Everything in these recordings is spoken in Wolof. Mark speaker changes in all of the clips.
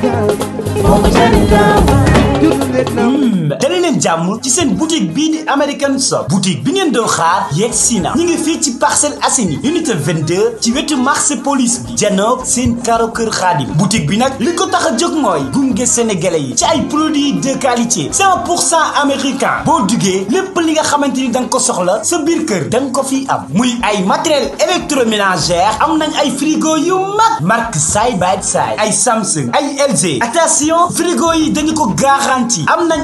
Speaker 1: Senegal. Fogo Senegal. leen jàmm ci seen boutique bii di American Shop boutique bi ngeen doon xaar yegg si na ngi fii ci Parcelles Assainies unité 22 ci wetu marché police bi janoog seen karo kër xaadim boutique bi nag li ko tax a jóg mooy gunge sénégalais yi ci ay produits de qualité 100 pour cent américain boo lépp li nga xamante ni da ko soxla sa biir kër da ko fi am muy ay matériel électroménager am nañ ay frigo yu mag marque say by side ay Samsung ay LG attention frigo yi dañu ko garanti am nañ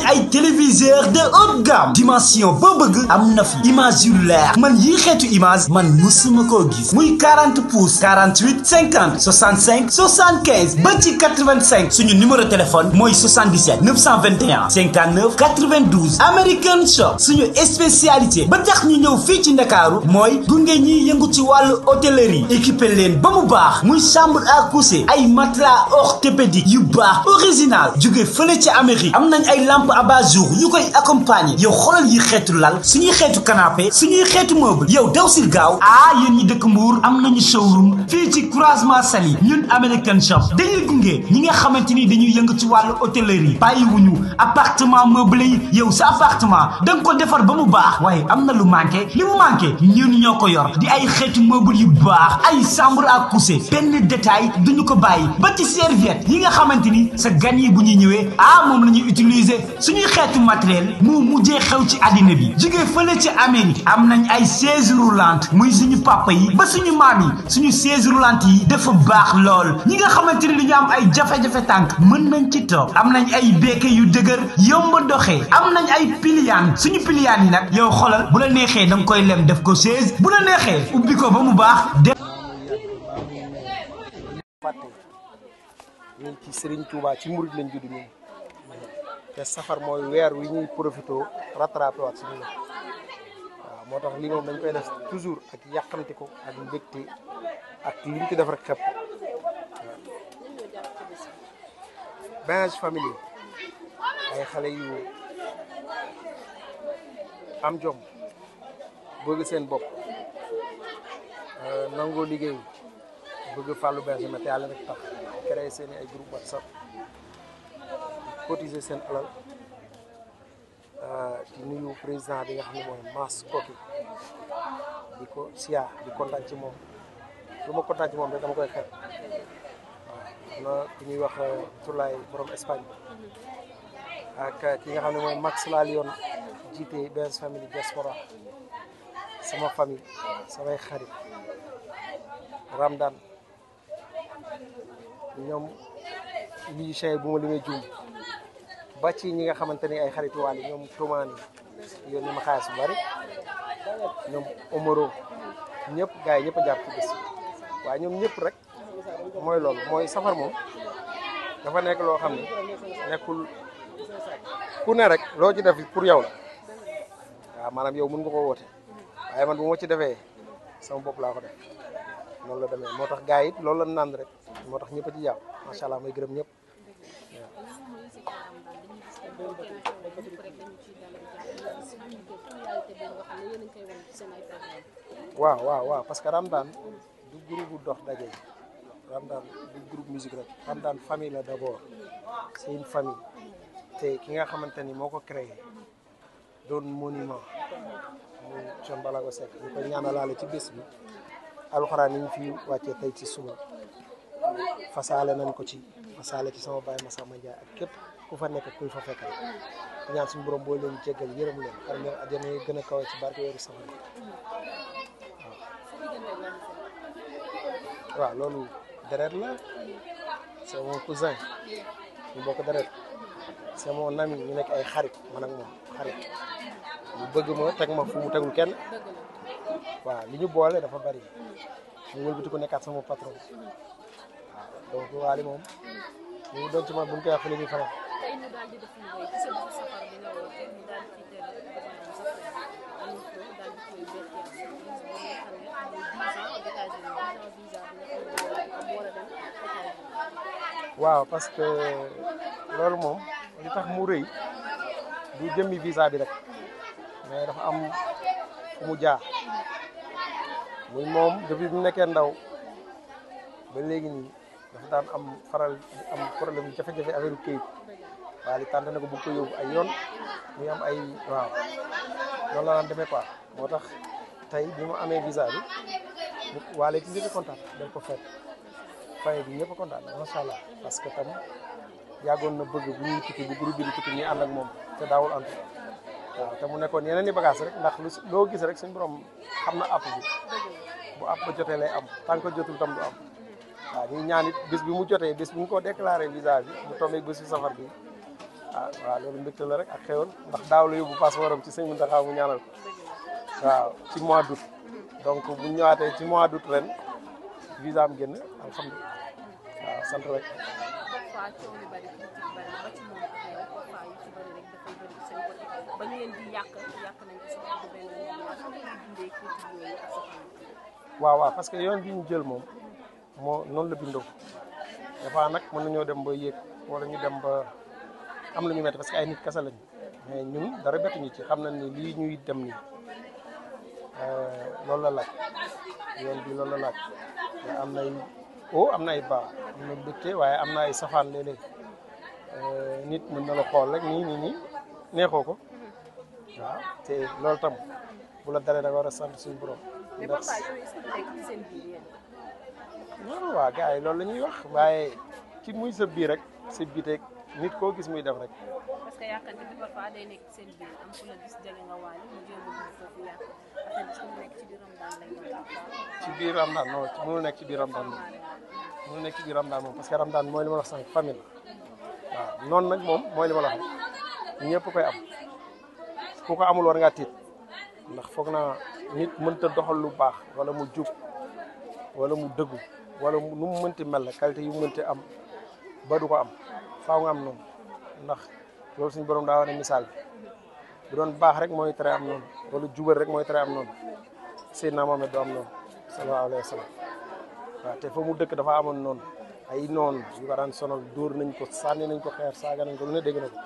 Speaker 1: téléviseur de haute dimension boo bëgg am na fi image yu leer man yii xeetu image man musuma koo gis muy 40 pouces 48 50 65 75 ba ci 85 suñu numéro téléphone mooy 77 921 59 92 American Shop suñu spécialité ba tax ñu ñëw fii ci Ndakaaru mooy gunge ñiy yëngu ci wàllu hôtellerie équipé leen ba mu baax muy chambre à coucher ay matelas orthopédique yu baax original jóge fële ci Amérique am nañ ay lampe abat-jour ñu koy accompagner yow xoolal yi xeetu lal suñuy xeetu canapé suñuy xeetu meuble yow daw si gaaw ah yen ñi dëkk Mbour am nañu showroom fii ci croisement Saly ñun American Shop dañuy gunge ñi nga xamante ni dañuy yëngu ci wàllu hôtellerie bàyyiwuñu appartement meublé yi yow sa appartement da nga ko defar ba mu baax waaye am na lu manqué li mu manqué ñun ñoo ko yor di ay xeetu meuble yu baax ay chambre à coucher benn détail duñu ko bàyyi ba ci serviette yi nga xamante ni sa gan yi bu ñuy ñëwee ah moom la ñuy utiliser suñuy xeetu matériel moo mujjee xew ci àddina bi jógee fële ci Amérique am nañ ay chaise lant muy suñu papa yi ba suñu maam yi suñu chaise roulante yi dafa baax lool ñi nga xamante ni dañu am ay jafe-jafe tànk mën nañ ci toog am nañ ay béke yu dëgër yomb doxe am nañ ay piliyaan suñu piliyaan yi nag yow xoolal bu la neexee da koy lem def ko chaise bu la neexee ubbi ko ba mu baax def
Speaker 2: ñun ci Serigne Touba ci murid lañ judd ñun te safar mooy weer wi ñuy profité rattrapé waat suñu bopp waaw moo tax lii moom dañ koy def toujours ak yàqante ko ak mbégte ak liñ ci def rek xepp waaw
Speaker 1: benn ay xale yu am jom bëgg seen bopp euh,
Speaker 2: nangoo liggéey bëgg fàllu benn ma te yàlla rek tax créé seen ay groupe WhatsApp cotiser seen alal euh, di nuyu président bi nga xam ne mooy Mass Koki di ko siyaa di kontaan ci moom lu ma kontaan ci moom rek dama koy xel waaw ku ñuy wax euh, Tourlaay borom Espagne euh, ki nga xam ne mooy Max laa yoon jiite benn famille diaspora sama famille samay xarit Ramdan ñoom musicien yi bu ma limee juum ba ci ñi nga xamante ni ay xaritu Wally ñoom Toumane yónni ma xaalis bu bari ñoom Omaro ñëpp gars yi ñëpp a jàpp ci bés waaye ñoom ñëpp rek mooy loolu mooy safar moom dafa nekk loo xam ne nekkul ku ne rek loo ci def pour yow la waaw maanaam yow mun nga ko woote waaye man bu moo ci defee sama bopp laa ko def la demee moo tax gars yi loolu la naan rek moo tax ñëpp a ci jàpp macha allah may gërëm ñëpp. waaw waaw waaw parce que Ramadan du groupe dox daje Ramadan du rek Ramadan famille d'abord c'est une famille te ki nga xamante ni moo ko créé doon monument muy Thione Ballago Seck ko ñaanalaale ci bés bi alxuraan yi ñu fi wàccee tey ci suba fasaale nañ ko ci masaale ci sama baay Massamba Ndiaye ak képp ku fa nekk kuy fa fekk
Speaker 1: rek
Speaker 2: di boo leen jéggal yërëm leen leen àjjana yi gën a kawe ci barke weeru safar waaw loolu deret la
Speaker 1: c'est mon cousin ñu bokk
Speaker 2: deret ñu nekk ay xarit man moom xarit bëgg ma teg ma mu tegul kenn waaw li ñu boole dafa bari ñu wëlbati ko nekkaat sama patron
Speaker 1: waaw donc waali moom ñu doon bu ñu
Speaker 2: koy wax fële ñuy faral. waaw parce que loolu moom li tax mu rëy
Speaker 1: du jëmmi visa bi rek mais dafa am mu jaar muy moom depuis mu nekkee
Speaker 2: ndaw ba léegi nii. dafa daan am faral am problème jafe-jafe affaire këyit waaye li tànn na ko bëgg ko yóbbu ay yoon muy am ay waaw loolu la daan demee quoi moo tax tey bi mu amee visa
Speaker 1: bi waa léegi njëkk
Speaker 2: a kontaan dañ ko fekk bi ñëpp a kontaan macha parce que tam yàggoon na bëgg bu ñuy tukki bu bi di ànd ak moom te daawul antu waaw te mu nekkoon yeneen i bagage rek ndax lu loo gis rek suñu borom xam na app bi bu app ba jotee lay am tant que jotul tam du am. waaw ñuy ñaan bis bi mu jotee bis bu ñu ko déclaré visa bi mu tombé bésu safar bi ah waaw loolu mbégte la rek ak xéwal ndax daaw la yóbbu passeport am ci sëñ Mountakha mu ñaanal ko waaw ci mois d' donc bu ñu ci mois d' août ren visa am génn waaw waaw parce que yoon bi ñu jël moom. moo noonu la bindoo
Speaker 1: des fois nag mën nañoo dem ba yéeg
Speaker 2: wala ñu dem ba am lu ñu metti parce que ay nit kese lañ mais ñun dara bettuñu ci xam nañ ni lii ñuy dem nii euh, loolu la laaj yoon bi loolu la laaj am nay o am na ay baax am na waaye am na ay safaan léeg euh, nit mën na la xool rek nii nii nii neexoo ko waaw te loolu tam bu la daree da war a sant suñu borom. non waa yi loolu la ñuy wax waaye ci muy sëb bii rek sëb bi teg nit koo gis muy dem rek. ci biir Ramadan lañ nekk ci biir Ramadan moom moom parce que Ramadan mooy li ma la wax sànq famille la nag moom mooy li ma la koy am ku ko amul war ngaa tiit ndax foog naa nit mënta doxal lu baax wala mu jub wala mu dëggu. wala nu mu mënti mel la qualité yu mënti am ba du ko am faw nga am noonu ndax loolu suñu borom daa wane misaal bi bu doon baax rek mooy tere am wala jubal rek mooy tere am noonu Seydina Mohamed du am noonu sallallahu alayhi wa sallam te fa mu dëkk dafa amoon noonu ay noon yu ko daan nañ ko sànni nañ ko xeer saaga nañ ko lu ne dégg na ko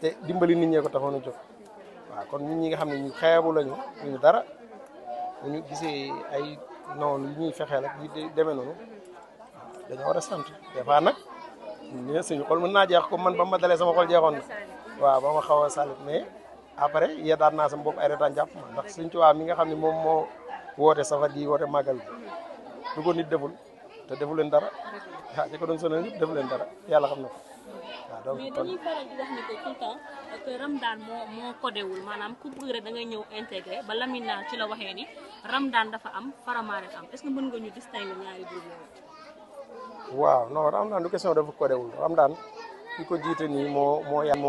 Speaker 2: te dimbali nit ñee ko taxoon a jóg waaw kon nit ñi nga xam ne ñu xeebu lañu ñu dara bu ñu gisee ay non lu ñuy fexee nag di demee noonu dañoo war a sant des fois nag ñun suñu xol mën naa jeex comme man ba ma dalee sama xol jeexoon na waaw ba ma xaw a salit mais après yeedaat naa sama bopp ay retaan jàpp ma ndax suñ tubaab mi nga xam ne moom moo woote safar di woote màggal bi lu ko nit deful te defu leen dara waaw ñi ko doon leen dara yàlla xam na ko
Speaker 1: waaw ah, donc mais dañuy faral di wax ni que tout le que Ramadane moo moo codéwul maanaam ku
Speaker 2: bëgg ñëw intégré ba Lamina ci la waxee ni Ramadane dafa am Faramaren am est que mën nga ñu
Speaker 1: distinguer ñaari groupe yooyu.
Speaker 2: waaw non Ramadane du question dafa codéwul ko jiite nii moo moo yàq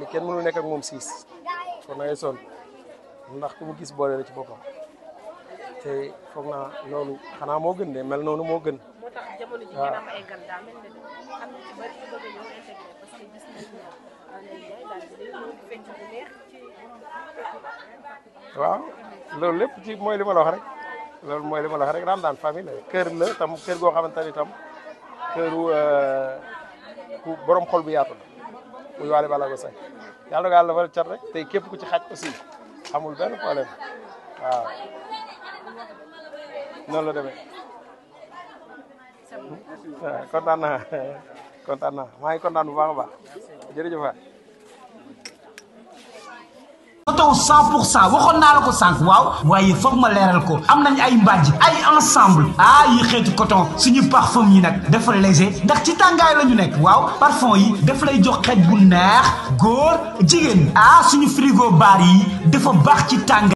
Speaker 2: li kenn mënul nekk moom siis kon na ngay sonn ndax ku mu gis boole la ci boppam. te foog naa loolu xanaa moo gën de mel noonu moo gën. a
Speaker 1: ñëw intégré parce que lépp
Speaker 2: ci mooy li ma la rek loolu mooy li ma la wax rek Ramadan famille la kër la tam kër goo xamante ni tam këru euh, borom xol bu yaatu la muy Wally Ballago Seck yàlla nga yàlla defal cat rek te képp ku ci xaj aussi amul benn problème waaw. noonu la ah, waay.
Speaker 1: oto 100 pour cent waxoon naa la ko sànq waaw waaye foog ma leeral ko am nañ ay mbàjj ay ensemble ah yi xeetu coton suñu parfum yi nag dafa léger ndax ci tàngaay la ñu nekk waaw parfum yi dafa lay jox xeet bu neex góor jigéen ah suñu frigo baar yi dafa baax ci tàngaay